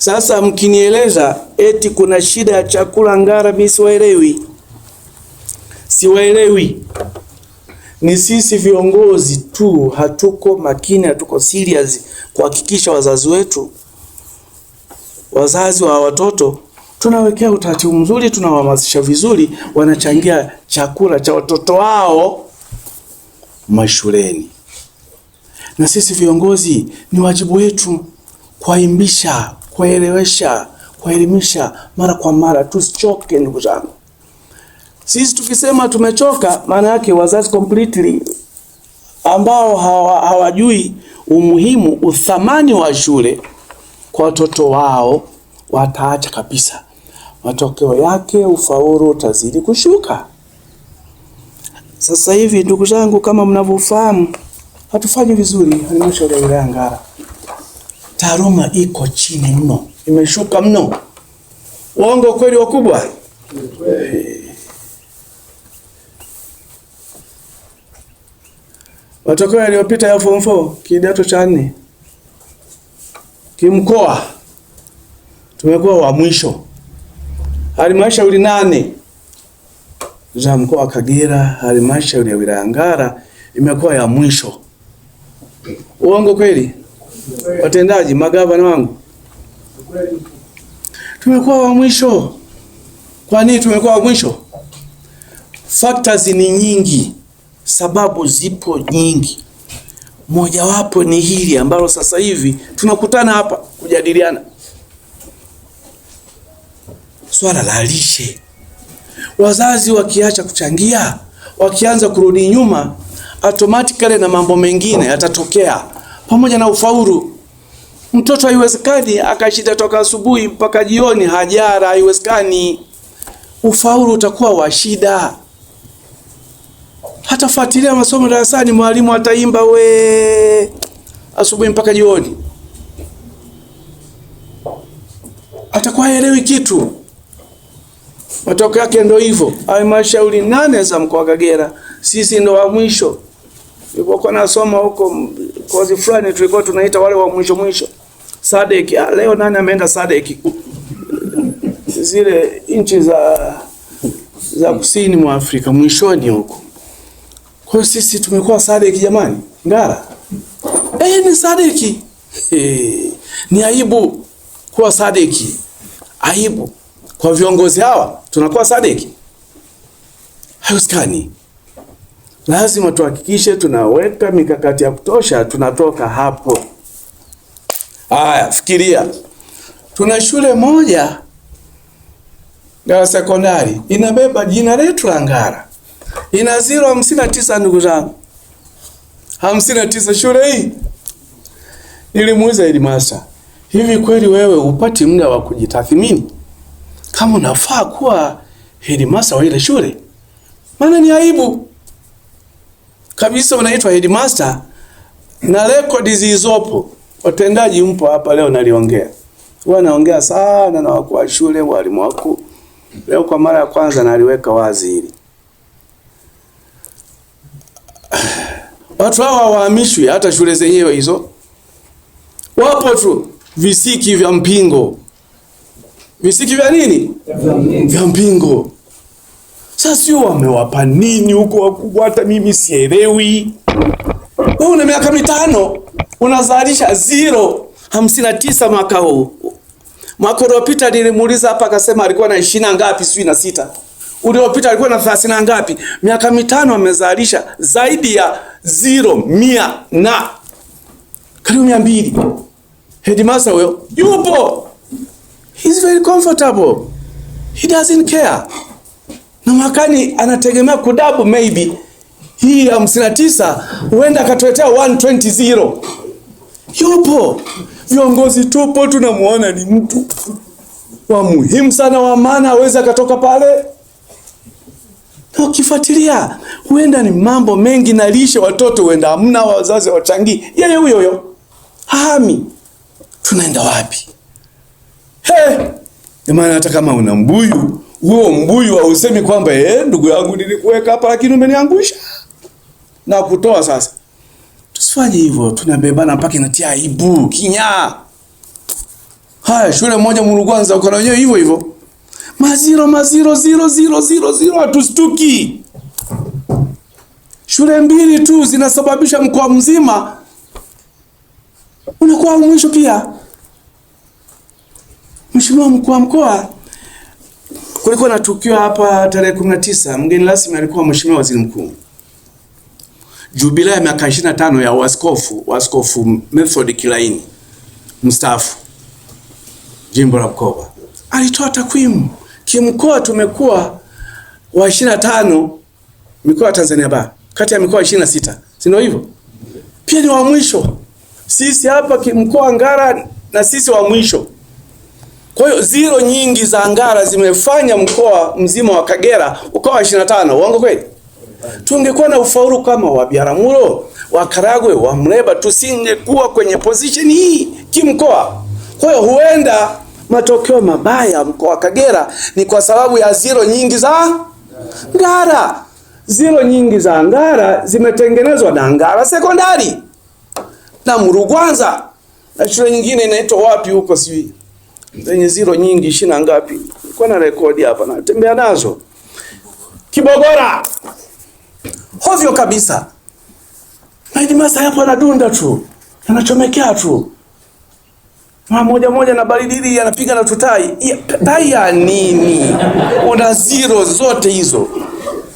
Sasa mkinieleza eti kuna shida ya chakula Ngara, mimi siwaelewi, siwaelewi. Ni sisi viongozi tu hatuko makini, hatuko serious kuhakikisha wazazi wetu, wazazi wa watoto tunawekea utaratibu mzuri, tunawahamasisha vizuri, wanachangia chakula cha watoto wao mashuleni. Na sisi viongozi ni wajibu wetu kuwaimbisha kuelewesha, kuelimisha mara kwa mara. Tusichoke ndugu zangu. Sisi tukisema tumechoka, maana yake wazazi completely ambao hawa, hawajui umuhimu uthamani wa shule kwa watoto wao wataacha kabisa. Matokeo yake ufaulu utazidi kushuka. Sasa hivi ndugu zangu, kama mnavyofahamu, hatufanyi vizuri halmashauri ya wilaya Ngara taaluma iko chini mno, imeshuka mno. Uongo kweli, wakubwa? Matokeo yaliyopita ya form 4 kidato cha nne kimkoa tumekuwa wa mwisho. Halmashauri nane za mkoa wa Kagera, halmashauri ya wilaya Ngara imekuwa ya mwisho. Uongo kweli? watendaji, magavana wangu, tumekuwa wa mwisho. Kwa nini tumekuwa wa mwisho? Factors ni nyingi, sababu zipo nyingi, mojawapo ni hili ambalo sasa hivi tunakutana hapa kujadiliana, swala la lishe. Wazazi wakiacha kuchangia, wakianza kurudi nyuma, automatically na mambo mengine yatatokea pamoja na ufaulu. Mtoto haiwezekani akashinda toka asubuhi mpaka jioni hajara, haiwezekani. Ufaulu utakuwa wa shida. Hatafuatilia masomo darasani, mwalimu ataimba we asubuhi mpaka jioni, atakuwa haelewi kitu. Matokeo yake ndo hivyo. Halmashauri nane za mkoa wa Kagera, sisi ndo wa mwisho. Nilipokuwa nasoma huko kozi fulani tulikuwa tunaita wale wa mwisho mwisho Sadek. Ah, leo nani ameenda Sadek? Zile nchi za za kusini mwa Afrika mwishoni huko. Kwa hiyo sisi tumekuwa Sadek jamani. Ngara. Eh, ni Sadek Eh, ni aibu kuwa Sadek, Aibu kwa viongozi hawa tunakuwa Sadeki. Haiwezekani lazima tuhakikishe tunaweka mikakati ya kutosha, tunatoka hapo. Haya, fikiria, tuna shule moja ya sekondari inabeba jina letu la Ngara, ina ziro hamsini na tisa. Ndugu zangu, hamsini na tisa. Shule hii nilimuuliza Elimasa, hivi kweli wewe upati muda wa kujitathmini kama unafaa kuwa headmaster wa ile shule? Maana ni aibu kabisa unaitwa headmaster na rekodi zilizopo. Watendaji mpo hapa leo, naliongea huwa naongea sana na wakuu wa shule, walimu wako. Leo kwa mara ya kwanza naliweka wazi hili, watu hawa wahamishwi, hata shule zenyewe hizo wapo tu visiki vya mpingo, visiki vya nini vya mpingo sasa sio wamewapa nini huko wakubwa, hata mimi sielewi. Wewe una miaka mitano unazalisha zero hamsini na tisa mwaka huu. Mwaka uliopita nilimuuliza hapa akasema alikuwa na ishirini na ngapi, sijui na sita. Uliopita alikuwa na thelathini na ngapi. Miaka mitano amezalisha zaidi ya zero mia na karibu mia mbili. Headmaster huyo yupo. He's very comfortable. He doesn't care na mwakani anategemea kudabu maybe hii hamsini na tisa huenda akatuletea 120 Yupo viongozi, tupo tunamwona ni mtu wa muhimu sana, wa maana, aweze akatoka pale na ukifuatilia, huenda ni mambo mengi na lishe, watoto huenda hamna, wazazi wachangii, yeye huyo huyo hami. Tunaenda wapi? Hey, maana hata kama una mbuyu huo mbuyu hausemi kwamba eh, ndugu yangu nilikuweka hapa lakini umeniangusha na kutoa sasa. Tusifanye hivyo, tunabebana mpaka inatia aibu, kinyaa. Haya, shule moja mulu kwanza ukana wenyewe hivyo hivyo. Maziro maziro ziro ziro ziro ziro, hatustuki. Shule mbili tu zinasababisha mkoa mzima unakuwa mwisho pia. Mheshimiwa mkuu wa mkoa Kulikuwa na tukio hapa tarehe 19, mgeni rasmi alikuwa Mheshimiwa Waziri Mkuu. Jubilei ya miaka 25 ya waskofu waskofu Method Kilaini mstaafu jimbo la Bukoba alitoa takwimu kimkoa, tumekuwa wa 25 mikoa ya Tanzania bara kati ya mikoa 26, si ndio hivyo? Pia ni wa mwisho sisi hapa kimkoa Ngara, na sisi wa mwisho. Kwa hiyo zero nyingi za Ngara zimefanya mkoa mzima wa Kagera ukawa 25. Uongo kweli? Tungekuwa na ufaulu kama wa Biaramuro, wa Karagwe, wa Mleba tusingekuwa kwenye position hii kimkoa. Kwa hiyo huenda matokeo mabaya mkoa wa Kagera ni kwa sababu ya zero nyingi za Ngara. Zero nyingi za Ngara zimetengenezwa na Ngara sekondari na Murugwanza na shule nyingine inaitwa wapi huko sijui zenye ziro nyingi ishirini na ngapi, kwa na rekodi hapa natembea nazo. Kibogora hovyo kabisa, maji masa yapo yanadunda tu yanachomekea tu Ma moja moja na baridi hili anapiga na tutai. Tai ya nini? Una zero zote hizo.